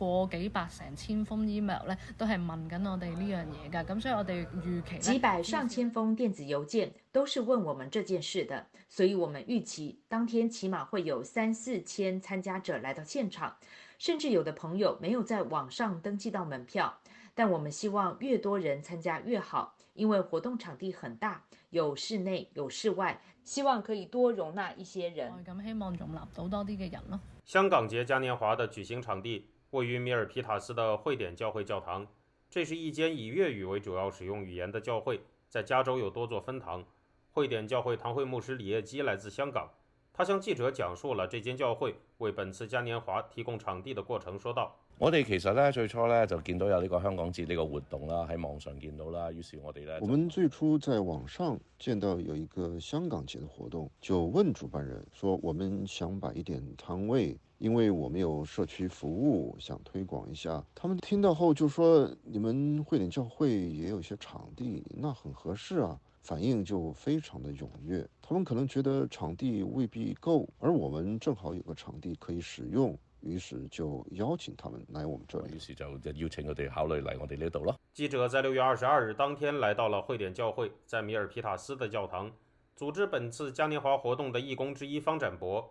過幾百成千封 email 咧，都係問緊我哋呢樣嘢㗎，咁所以我哋預期咧。幾百上千封電子郵件都是問我們這件事的，所以我們預期當天起碼會有三四千參加者來到現場，甚至有的朋友沒有在網上登記到門票，但我們希望越多人參加越好，因為活動場地很大，有室內有室外，希望可以多容納一些人。咁、哦、希望容納到多啲嘅人咯。香港節嘉年華的舉行場地。位於米爾皮塔斯的匯點教會教堂，這是一間以粵語為主要使用語言的教會，在加州有多座分堂。匯點教會堂會牧師李業基來自香港，他向記者講述了這間教會為本次嘉年華提供場地的過程，說道：“我哋其實呢，最初呢，就見到有呢個香港節呢個活動啦，喺網上見到啦，於是我哋呢，我們最初在網上見到有一個香港節的活動，就問主辦人說，我們想擺一點攤位。”因為我們有社區服務，想推廣一下。他們聽到後就說：“你們會點教會也有些場地，那很合適啊！”反應就非常的踊躍。他們可能覺得場地未必夠，而我們正好有個場地可以使用，於是就邀請他們來我們這裏。於是就邀請佢哋考慮嚟我哋呢度。記者在六月二十二日當天來到了會點教會，在米爾皮塔斯的教堂，組織本次嘉年華活動的義工之一方展博。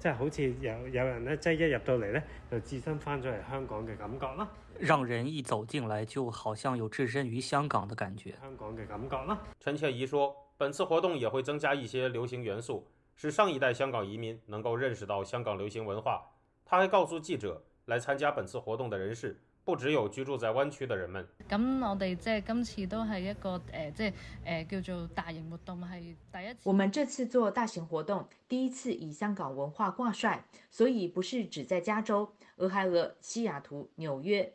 即係好似有有人咧，即係一入到嚟咧，就置身翻咗嚟香港嘅感覺啦，讓人一走進來，就好像有置身於香港嘅感覺。香港嘅感覺啦。陳倩怡說，本次活動也會增加一些流行元素，使上一代香港移民能夠認識到香港流行文化。她還告訴記者，來參加本次活動嘅人士，不只有居住在灣區的人們。咁我哋即係今次都係一個誒，即係誒叫做大型活動係第一次。我們這次做大型活動，第一次以香港文化掛帥，所以不是只在加州、俄亥俄、西雅圖、紐約，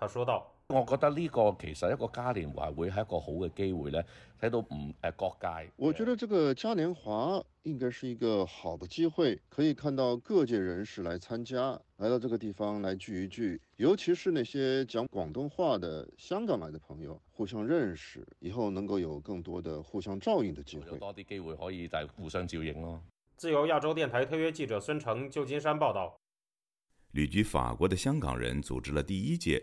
他說道：我覺得呢個其實一個嘉年華，會係一個好嘅機會呢，睇到唔，誒各界。我覺得這個嘉年華應該是一個好的機會，可以看到各界人士來參加，來到這個地方來聚一聚，尤其是那些講廣東話的香港來的朋友，互相認識，以後能夠有更多的互相照應的機會。多啲機會可以就互相照應咯。自由亞洲電台特約記者孫成，舊金山報道：旅居法國的香港人組織了第一屆。